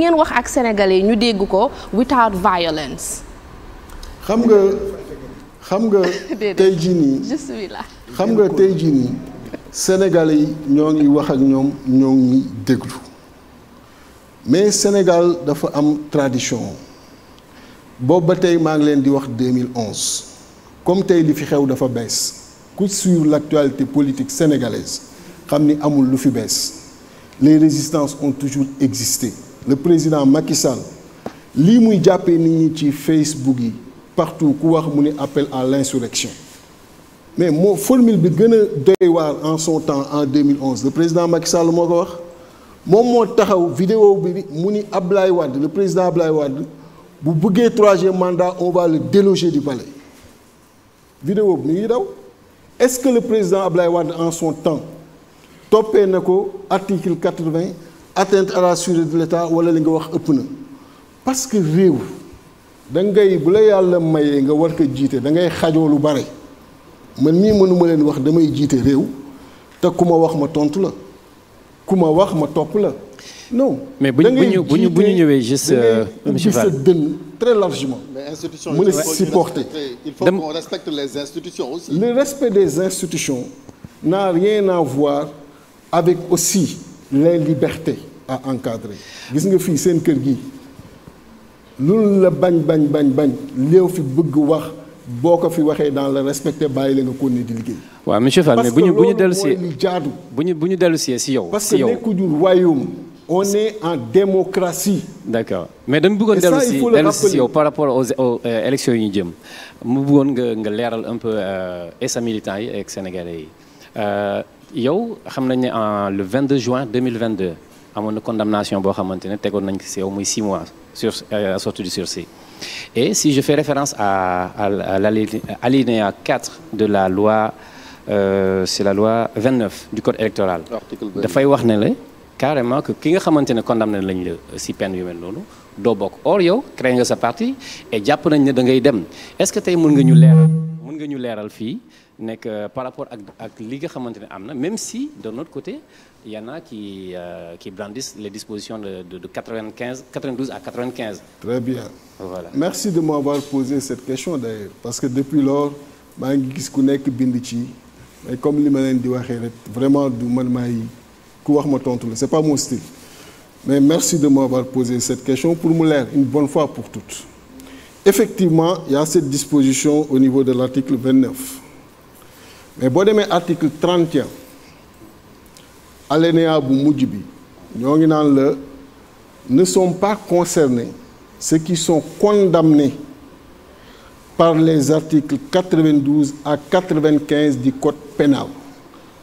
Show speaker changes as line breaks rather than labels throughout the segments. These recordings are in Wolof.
ngeen wax ak sénégalais ñu dégg ko without violence.
xam nga xam nga tey jii nii xam nga tey jii nii yi ñoo ngi wax ak ñoom ñoo ngi déglu mais Sénégal dafa am tradition boobu ba tey maa ngi leen di wax 2011 comme tey li fi xew dafa bees ku suivre l'actualité politique sénégalaise xam ni amul lu fi bees les résistances ont toujours existé. le président Macky Sall lii muy jàppee nit ñi ci Facebook yi partout ku wax mu ni appel à l'insurrection mais moo formule bi gën a doy waar en son temps en 2011 le président Macky Sall moo ko wax moom moo taxaw vidéo bi mu ni Ablaye Wade le président Ablaye Wade bu bëggee troisième mandat on va le déloger du palais vidéo bi mi ngi daw est-ce que le président Ablaye Wade en son temps toppee na ko quatre 80 atteinte à la sûreté de l'État wala li nga wax ëpp na parce que réew da ngay bu la yàlla mayee nga war ko jiite da ngay xajoo lu bare man mii mënuma leen wax damay jiite réew te ku ma wax ma tontu la ku ma wax ma topp la non. mais bu ñu bu ñu bu ñu ñëwee juste. monsieur Fall da ngay euh, dënn très largement. mais institution mën a supporter. il faut qu'on respecte les institutions aussi. le respect des institutions n'a rien à voir avec aussi. les libertés a encadrer gis nga fii seen kër gi loolu la bañ bañ bañ bañ léew fi bëgg wax boo ko fi waxee dans le respecté bàyyi la nga kon ne di liggéey.
waa monsieur Fall mais bu ñu ñu dellu si
jaadu bu ñu bu ñu dellu si si yow. parce que nekku du royaume on est en démocratie.
d' accord mais dañu bëggoon dellu si dellu si yow par rapport aux aux euh, élections yi ñu jëm mu bëggoon nga nga leeral un peu euh, et sa militant yi ak sénégalais yi. Euh, yow xam nañ ne en le 22 juin 2022 amoon na condamnation boo xamante ne tegoon nañ si yow muy 6 mois sur à euh, sortie du sursis et si je fais référence à à à l'alinéa 4 la loi euh, c'est la loi 29 du code électoral. dafay wax ne la carrément que ki nga xamante ne condamné lañ la si peine yu mel noonu doo bokk or yow créé nga sa parti et jàpp nañ ne da ngay dem est-ce que tey mën nga ñu leeral. mën nga ñu leeral fii nekk euh, par rapport ak ak li nga xamante ne am na même si de notre côté il a qui euh, qui les dispositions de de de 95 92 à 95. très bien voilà merci
de m'avoir posé cette question d'ailleurs parce que depuis lors maa ngi gis ku nekk bind ci mais comme li ma leen di waxee rek vraiment du man maay ku wax ma tontu la c'est pas mon style mais merci de m'avoir posé cette question pour mu leer une bonne fois pour toutes. effectivement il y cette disposition au niveau de l'article 29 mais boo demee article 31 alinéa bu mujj bi ñoo ngi naan la ne sont pas concernés ceux qui sont condamnés par les articles 92 à 95 du code pénal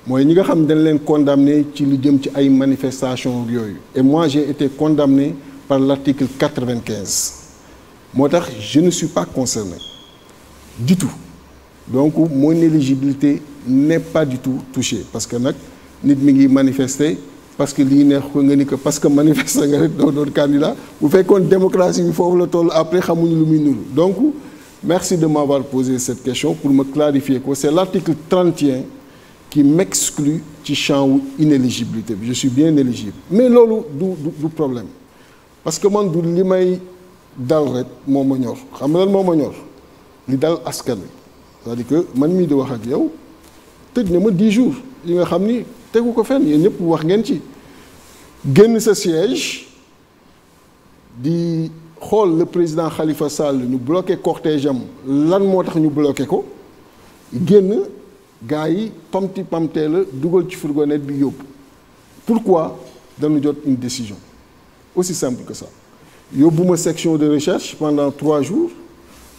mooy ñi nga xam dañ leen condamné ci lu jëm ci ay manifestation yooyu et moi j'ai été condamné par l'article 95 moo tax je ne suis pas concerné du tout donc moo éligibilité n'est pas du tout touchée parce que nag nit mi ngi manifester parce que li lii neex ko nga ni que parce que manifester nga rek doo doon candidat bu fekkoon démocratie bi foofu la toll après xamuñu lu muy nuru donc merci de m'avoir posé cette question pour ma clarifier ko c'est l'article 31 qui m'exclut ci champ wu inéligibilité bi je suis bien éligible mais loolu du du problème parce que dal rek moo ma ñor xam nga lan moo ma ñor li dal askan wi c'est-à-dire que man mii di wax ak yow tëj na ma 10 jours yi nga xam ni tegu ko fenn yéen ñëpp wax ngeen ci génn sa siège di xool le président Khalifa Sall ñu bloqué cortège am lan moo tax ñu bloqué ko génn gars yi pamti pamtee la dugal ci fourgonnette bi yóbbu pourquoi dañu jot une décision aussi simple que ça yóbbu ma section de recherche pendant trois jours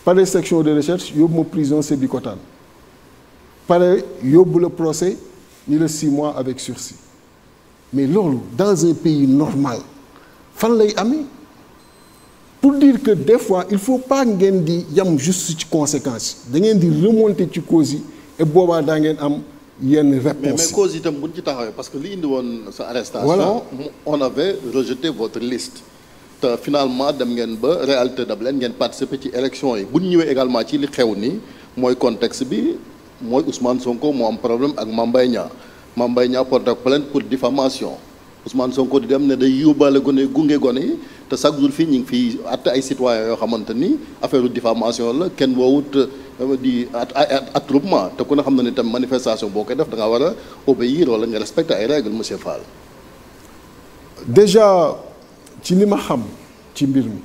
pare section de recherche yóbbu ma prison Sébikotane pare yóbbu la procès ni la six mois avec sursis mais loolu dans un pays normal fan lay amee pour dire que des fois il faut pa ngeen di yam juste ci conséquence da ngeen di remonter ci causes yi boobaa daa ngeen am yenn réponse mais mais causes yi itam bu ñu ci taxawee parce que li indi woon sa arrestation. voilà on avait rejeté votre liste. te finalement dem ngeen ba réalité dab leen ngeen participer ci élection yi bu ñu ñëwee également ci li xew ni mooy contexte bi mooy Ousmane Sonko moo am problème ak Mame Mbaye Niang Mame Mbaye Niang porte plainte pour diffamation Ousmane Sonko di dem ne day yóbbaale gone gunge gone yi te chaque jour fii ñu ngi fii àtte ay citoyens yoo xamante ni affaire diffamation la kenn woowut euh, di attroupement te ku ne xam na ni tam manifestation boo koy def da nga war a obéir wala nga respecter ay règles monsieur Fall. déjà. ci li ma xam ci mbir mi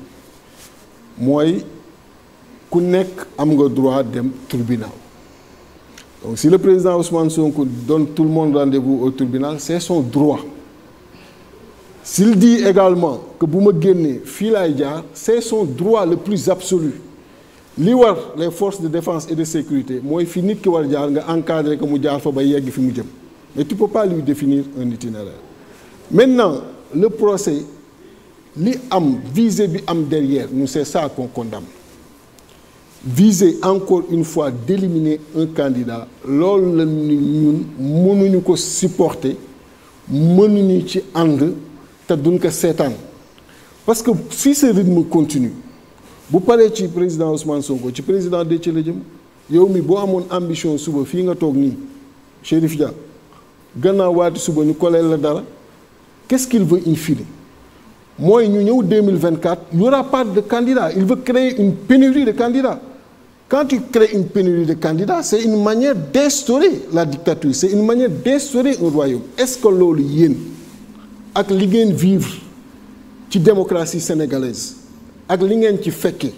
mooy ku nekk am nga droit dem tribunal donc si le président Ousmane Sonko donne tout le monde rendez-vous au tribunal c'est son droit s'il di également que bu ma génnee fii laay jaar c'est son droit le plus absolu li war les forces de défence et de sécurité mooy fii nit ki war jaar nga encadrer ko mu jaar fa ba yegg fi mu jëm mais tu peux pas lui définir un itinéraire maintenant le procès li am visée bi am derrière nous c'est ça qu'on condamne viser encore une fois d'éliminer un candidat loolu la ñun mënuñu ko supporter mënuñu ci ànd te duñ ko seetaan parce que si ce rythme continue bu paree ci président Ousmane Sonko ci président Déthié la jëm yow mi boo amoon ambition suba fii nga toog nii Chérif Dia gannaaw waati suba ñu koleel la dara qu'est-ce qu'il veut mooy ñu ñëw 2024 il n'y aura pas de candidat il veut créer une pénurie de candidats quand tu une pénurie de candidats c'est une manière d'instaurer la dictature c'est une manière d'instaurer un royaume est-ce que loolu yéen ak li ngeen vivre ci démocratie sénégalaise ak li ngeen ci fekke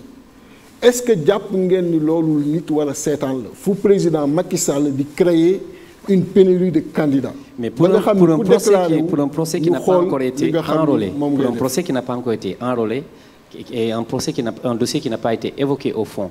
est-ce que jàpp ngeen ni loolu nit wala a seetaan la fu président Macky Sall di créer une pénurie de candidats. mais pour un, pour, un procès qui, pour un procès qui n'a pas encore été enrôlé pour un procès
qui n'a pas encore été enrôlé et un procès qui n'a un dossier qui n'a pas été évoqué au fond